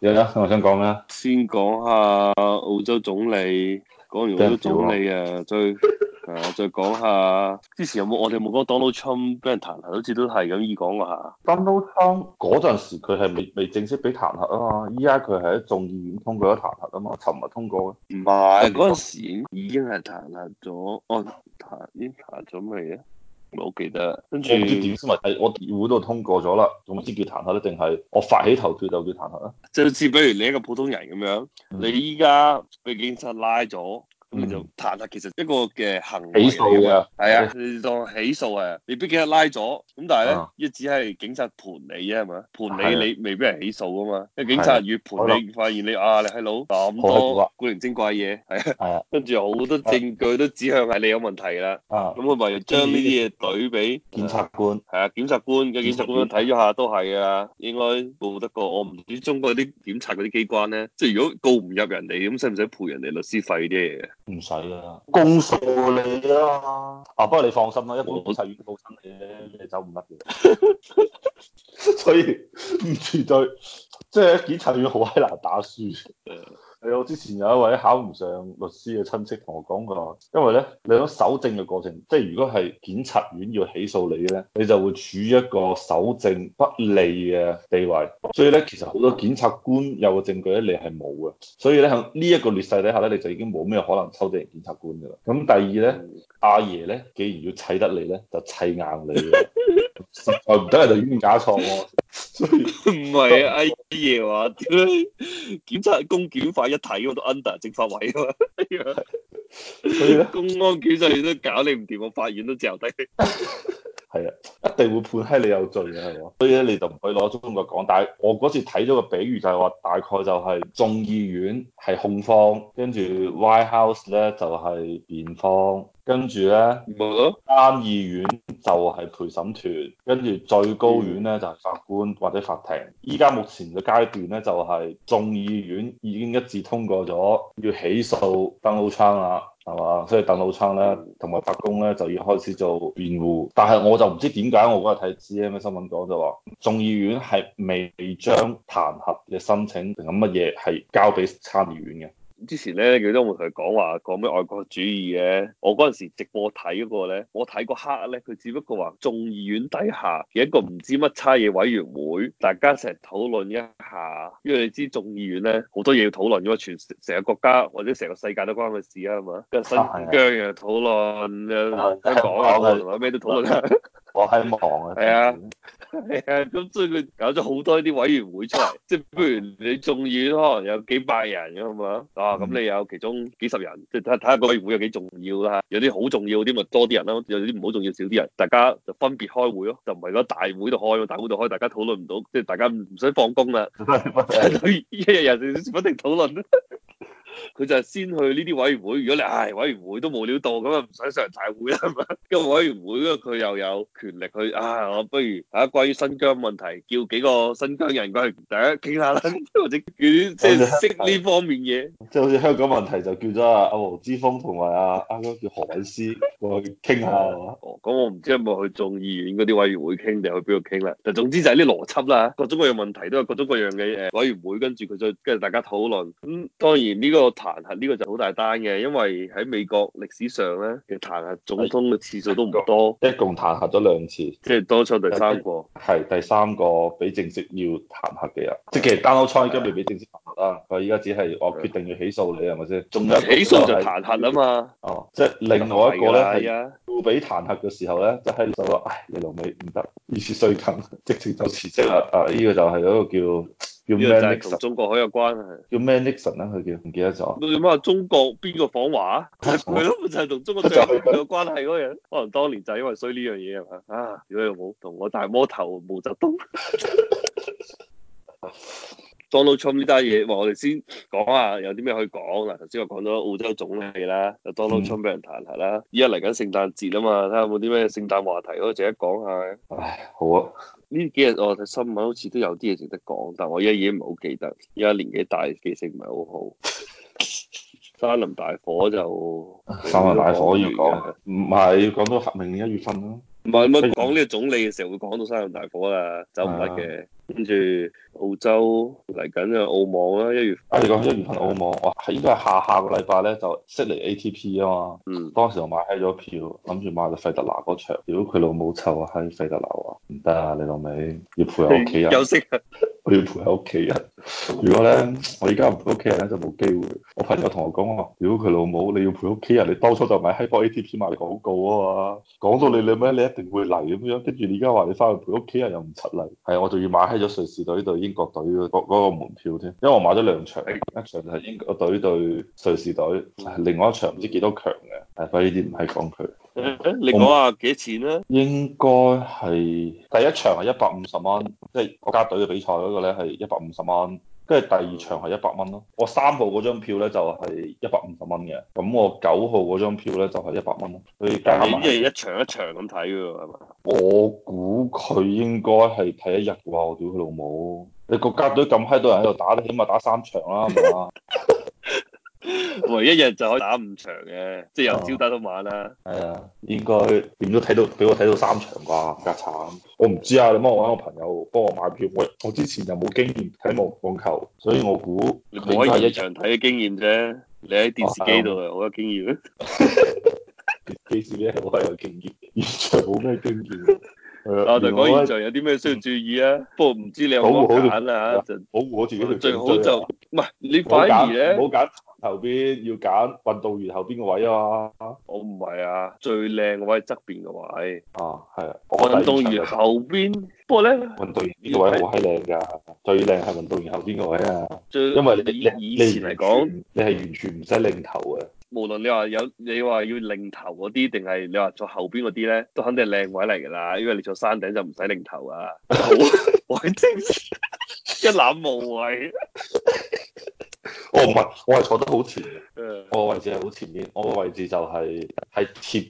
有啦，yeah，我想講啦。先講下澳洲總理，講完澳洲總理啊， 再誒，再講下之前有冇我哋冇講 Donald Trump 俾人彈劾，好似都係咁意講過吓。Donald Trump 嗰陣時佢係未未正式俾彈劾啊嘛，依家佢係喺眾議院通過咗彈劾啊嘛，尋日通過啊？唔係嗰陣時已經係彈劾咗，我、哦、彈已經彈咗未啊？我記得，跟住我唔知點先埋，我會都通過咗啦，總之叫彈劾咧，定係我發起投票就叫彈劾咧？即係好似比如你一個普通人咁樣，你依家被警察拉咗。咁你就彈下，其實一個嘅行為，起訴啊，係啊，你當起訴啊，你畢竟拉咗，咁但係咧，一隻係警察盤你啊，係嘛？盤你你未俾人起訴啊嘛，因為警察越盤你，發現你啊，你係老咁多古靈精怪嘢，係啊，跟住好多證據都指向係你有問題啦，啊，咁佢咪將呢啲嘢懟俾檢察官，係啊，檢察官嘅檢察官睇咗下都係啊，應該報得過，我唔知中國啲檢察嗰啲機關咧，即係如果告唔入人哋，咁使唔使賠人哋律師費啲嘢？唔使啦，公訴你啊！啊，不過你放心啦， 一個檢察院都審你咧，你走唔甩嘅。 所以唔存在，即係檢察院好閪難打輸。 係我之前有一位考唔上律師嘅親戚同我講過，因為咧你喺搜證嘅過程，即係如果係檢察院要起訴你咧，你就會處於一個搜證不利嘅地位，所以咧其實好多檢察官有個證據咧你係冇嘅，所以咧喺呢一個劣勢底下咧，你就已經冇咩可能抽得人檢察官噶啦。咁第二咧，阿爺咧既然要砌得你咧，就砌硬你嘅。 實在唔得就冤假錯喎，唔係啊，阿爺話，檢查公檢法一睇我都 under 政法委啊嘛，公安檢察院都搞你唔掂，我法院都嚼低你。係啊，一定會判閪你有罪嘅，係啊，所以咧你就唔可以攞中國講。但係我嗰次睇咗個比喻，就是，就係話大概就係眾議院係控方，跟住 White House 咧就係辯方，跟住咧參議院就係陪審團，跟住最高院咧就係法官或者法庭。依家目前嘅階段咧，就係眾議院已經一致通過咗要起訴 Donald Trump 啦。係嘛？ 所以鄧老昌咧，同埋白宮咧就要開始做辯護，但係我就唔知點解我嗰日睇 GMA 新聞講就話眾議院係未將彈劾嘅申請定係乜嘢係交俾參議院嘅。之前咧，佢都冇同佢講話講咩外國主義嘅。我嗰陣時直播睇嗰個咧，我睇個黑咧，佢只不過話眾議院底下有一個唔知乜差嘢委員會，大家成日討論一下。因為你知眾議院咧好多嘢要討論，因為全成個國家或者成個世界都關佢事啊，係嘛？新疆又討論，啊、香港啊，咩、啊、都討論。我喺忙啊。係 啊。係啊，咁所以佢搞咗好多啲委員會出嚟，即係不如你仲要，可能有幾百人咁啊，啊咁你有其中幾十人，即係睇睇下個委員會有幾重要啦，有啲好重要啲咪多啲人咯，有啲唔好重要少啲人，大家就分別開會咯，就唔係攞大會度開，大會度開大家討論唔到，即係大家唔唔使放工啦， 一日日不停討論。 佢就係先去呢啲委員會，如果你唉委員會都冇料到，咁啊唔想上大會啊嘛，委員會佢又有權力去啊，我不如大家關於新疆問題，叫幾個新疆人過嚟大家傾下啦，或者即係識呢方面嘢。即係好似香港問題就叫咗阿黃之鋒同埋阿啱啱叫何韻詩過去傾下。哦，咁我唔知有冇去眾議院嗰啲委員會傾，定去邊度傾咧？但總之就係啲邏輯啦，各種各樣問題都有各種各樣嘅誒委員會，跟住佢再跟住大家討論。咁當然呢個。個彈劾呢個就好大單嘅，因為喺美國歷史上咧嘅彈劾總統嘅次數都唔多，一共彈劾咗兩次，即係多出第三個，係第三個俾正式要彈劾嘅人，即係其實 Donald Trump 未俾正式彈劾啦，佢依家只係我決定要起訴你係咪先？仲有起訴就彈劾啊嘛。哦，即係另外一個咧係會俾彈劾嘅時候咧，就喺度就話唉，你老味唔得，疑似衰梗，直接就辭職啦。啊，呢個就係嗰個叫。要咩？就係同中國好有關係。叫咩 Nixon 啦，佢叫唔記得咗。佢點解中國邊個訪華？佢都 就係同中國最有關係嗰個人。 可能當年就係因為衰呢樣嘢係嘛？啊！如果冇同我大魔頭毛澤東。 Donald Trump 呢單嘢，我哋先講下有啲咩可以講。嗱，頭先我講咗澳洲總理啦，就 Donald Trump 俾、嗯、人彈劾啦。依家嚟緊聖誕節啊嘛，睇下有冇啲咩聖誕話題可以值得講下。唉，好啊。呢幾日我睇新聞好似都有啲嘢值得講，但係我依家已經唔係好記得。依家年紀大，記性唔係好好。山林大火就山林大火，要講唔係講,講到合明年一月份咯、啊。唔係咁樣講呢個總理嘅時候會講到山林大火啦，走唔甩嘅。跟住澳洲嚟緊啊澳網啦，一月份，啊你講一月份澳網，哇係是應該係下下個禮拜咧，就悉尼 ATP 啊嘛，嗯，當時我買起咗票，諗住買到費特拿嗰場。如果佢老母臭喺費特拿啊，唔得啊你老味，要陪我屋企啊。休息、啊你要陪喺屋企人。如果咧，我而家唔陪屋企人咧，就冇機會。我朋友同我講話，如果佢老母，你要陪屋企人。你當初就買 Hyper ATP 賣廣告啊嘛。講到你你咩？你一定會嚟咁樣。跟住你而家話你翻去陪屋企人又唔出嚟。係啊，我仲要買喺咗瑞士隊對英國隊嗰嗰個門票添。因為我買咗兩場，一場就係英國隊對瑞士隊，另外一場唔知幾多強嘅。所以呢啲唔係講佢。誒你講下幾錢啦？應該係第一場係一百五十蚊。即係國家隊嘅比賽嗰個咧係一百五十蚊，跟住第二場係一百蚊咯。我三號嗰張票呢就係一百五十蚊嘅，咁我九號嗰張票呢就係一百蚊咯。你加埋，你係一場一場咁睇嘅喎，係嘛？我估佢應該係睇一日啩？我屌佢老母！你國家隊咁閪多人喺度打，你起碼打三場啦，係嘛？ 唯一日就可以打五場嘅，即係由朝打到晚啦。係啊，應該點都睇到，俾我睇到三場啩？咁慘，我唔知啊。你幫我揾個朋友幫我買票。喂，我之前就冇經驗睇網網球，所以我估你可以一場睇嘅經驗啫。你喺電視機度有好多經驗。電視機咧？我有經驗，現場冇咩經驗。啊，就講現場有啲咩需要注意啊？不過唔知你有冇好揀啊？保護我自己。最好就唔係你反而咧，好揀。後邊要揀運動員後邊個位啊！我唔係啊，最靚位係側邊嘅位。啊，係啊！運動員後邊，啊啊、不過咧，運動員呢個位好閪靚噶，最靚係運動員後邊個位啊！最，因為你，你，你，你以以前嚟講，你係完全唔使擰頭啊。無論你話有，你話要擰頭嗰啲，定係你話坐後邊嗰啲咧，都肯定係靚位嚟噶啦。因為你坐山頂就唔使擰頭啊，好，我正 一覽無遺。哦，唔係，我係坐得好前嘅，我個位置係好前面，我個位置就係、是、係貼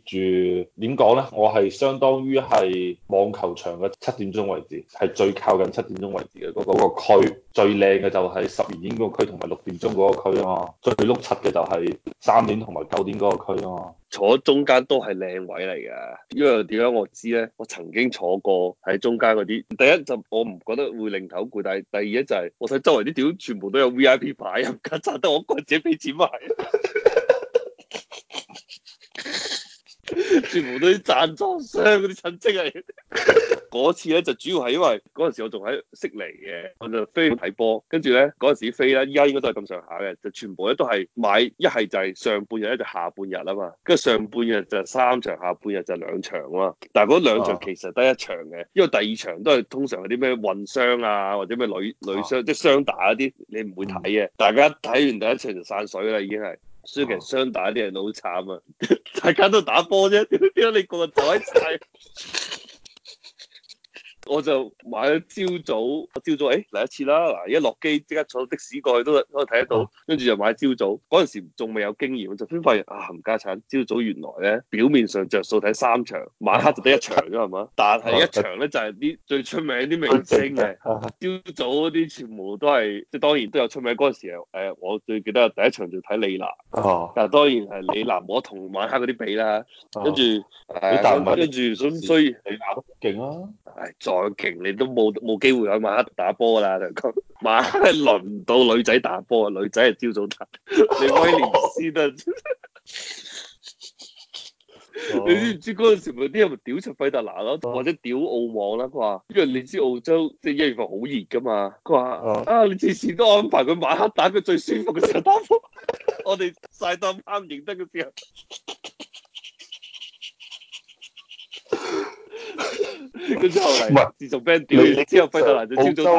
住點講咧？我係相當於係網球場嘅七點鐘位置，係最靠近七點鐘位置嘅嗰個區。最靚嘅就係十二點嗰個區同埋六點鐘嗰個區啊嘛，最碌柒嘅就係三點同埋九點嗰個區啊嘛，坐中間都係靚位嚟嘅。因為點解我知咧，我曾經坐過喺中間嗰啲，第一就我唔覺得會令頭攰，但係第二咧就係我睇周圍啲屌全部都有 V I P 牌啊，賺得我個自己俾錢買， 全部都係啲贊助商嗰啲親戚嘅。嗰次咧就主要係因為嗰陣時我仲喺悉尼嘅，我就飛去睇波。跟住咧嗰陣時飛咧，依家應該都係咁上下嘅，就全部咧都係買一係就係上半日咧就下半日啊嘛。跟住上半日就係三場，下半日就兩場啊。但係嗰兩場其實得一場嘅，因為第二場都係通常嗰啲咩混雙啊或者咩女女雙，即係雙打嗰啲你唔會睇嘅。大家睇完第一場就散水啦，已經係，所以其實雙打嗰啲人好慘啊！大家都打波啫，點解你個個就喺曬？ 我就買咗朝早，早，朝早誒嚟、欸、一次啦。嗱，一落機即刻坐的士過去都可以睇得到，跟住就買朝早，早。嗰陣時仲未有經驗，就先發現啊冚家產！朝早原來咧表面上着數睇三場，晚黑就得一場啫，係嘛？ 但係一場咧就係啲最出名啲明星嘅。朝 早嗰啲全部都係即係當然都有出名。嗰陣時誒、呃，我最記得第一場就睇李娜。 但係當然係李娜冇得同晚黑嗰啲比啦。跟住，跟住所衰，李娜都勁啊！係。 再勁你都冇冇機會喺晚黑打波啦，大哥。晚黑輪唔到女仔打波，女仔係朝早打。你威廉斯都，哦、 你知唔知嗰陣時咪啲人咪屌出費特拿啦，或者屌澳網啦？佢話因為你知澳洲即係、就是、一月份好熱噶嘛。佢話、哦、啊，你次次都安排佢晚黑打，佢最舒服嘅時候打波。哦、 我哋曬到啱認得嘅時候。跟住後嚟唔係自從俾人掉，你 之後費特蘭就朝早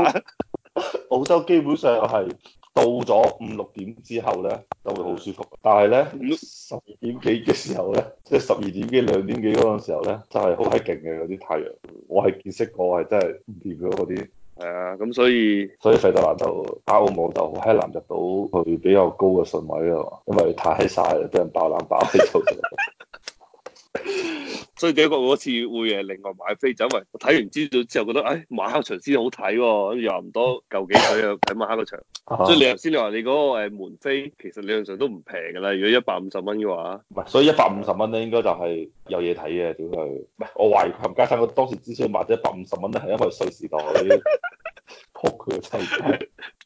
澳、澳洲基本上係到咗五六點之後咧，都會好舒服。但係咧十二點幾嘅時候咧，即係十二點幾兩點幾嗰個時候咧，就係好閪勁嘅嗰啲太陽。我係見識過係真係唔掂咗嗰啲。係啊，咁所以所以費特蘭就打澳網就好閪難入到去比較高嘅順位咯，因為太曬啦，俾人爆冷爆喺 所以第一個我次會誒，另外買飛，走。因為睇完資料之後覺得，誒，馬克場先好睇。哦，咁又唔多，舊幾睇又睇馬克場。啊、哈所以你頭先你話你嗰個誒門飛，其實理論上都唔平噶啦，如果一百五十蚊嘅話，唔係，所以一百五十蚊咧，應該就係有嘢睇嘅，點解？唔係，我懷疑林家聲佢當時至少買咗一百五十蚊，都係因為瑞士代，扑佢個身。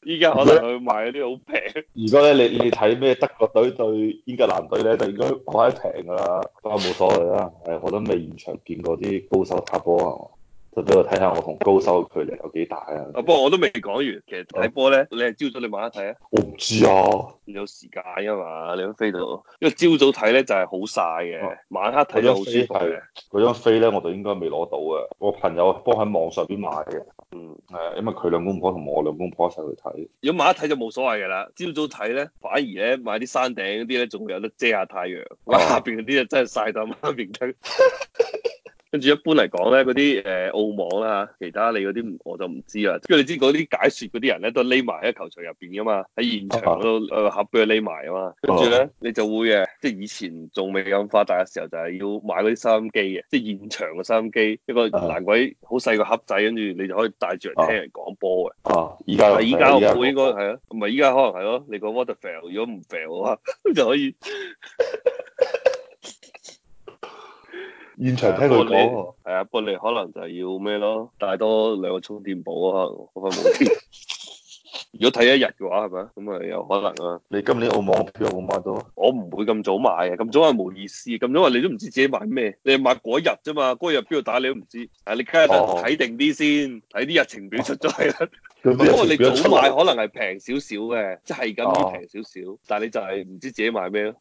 依家可能佢賣啲好平。如果咧，你你睇咩德國隊對英格蘭隊咧，就應該講係平㗎啦。都係冇所謂啦。係我都未現場見過啲高手打波係嘛，啊。就俾我睇下我同高手嘅距離有幾大啊！啊，不過我都未講完。其實睇波咧，嗯、你係朝早你晚黑睇啊？我唔知啊。有時間噶嘛？你都飛到，因為朝早睇咧就係好曬嘅，啊、晚黑睇咗好舒服嘅。嗰張飛咧，飛呢我就應該未攞到嘅。我朋友幫喺網上邊買嘅。嗯，係、啊，因為佢兩公婆同我兩公婆一齊去睇。如果晚黑睇就冇所謂噶啦，朝早睇咧，反而咧買啲山頂嗰啲咧，仲會有得遮下太陽。下邊嗰啲啊，就真係曬到媽變 跟住一般嚟講咧，嗰啲誒澳網啦，其他你嗰啲我就唔知啦。因為你知嗰啲解説嗰啲人咧，都匿埋喺球場入邊噶嘛，喺現場度個誒盒俾佢匿埋啊嘛。跟住咧，你就會誒，即係以前仲未咁發達嘅時候，就係、是、要買嗰啲收音機嘅，即係現場嘅收音機，一個爛鬼好細個盒仔，跟住你就可以戴住嚟聽人講波嘅。哦、啊，而家而家我應該係咯，唔係而家可能係咯。你個 w a t e r f a i l 如果唔 fail 嘅話，就可以。 現場聽佢講，係啊，啊，不過你可能就係要咩咯，帶多兩個充電寶啊，可能冇。 如果睇一日嘅話係咪？咁啊有可能啊。你今年澳網票有冇買到？我唔會咁早買啊。咁早係冇意思，咁早你都唔知自己買咩，你係買嗰日啫嘛，嗰日邊度打你都唔知。啊，你今下睇定啲先，睇啲日程表出咗嚟啦。 不過你早買可能係平少少嘅，即係咁平少少，哦、但係你就係唔知自己買咩咯。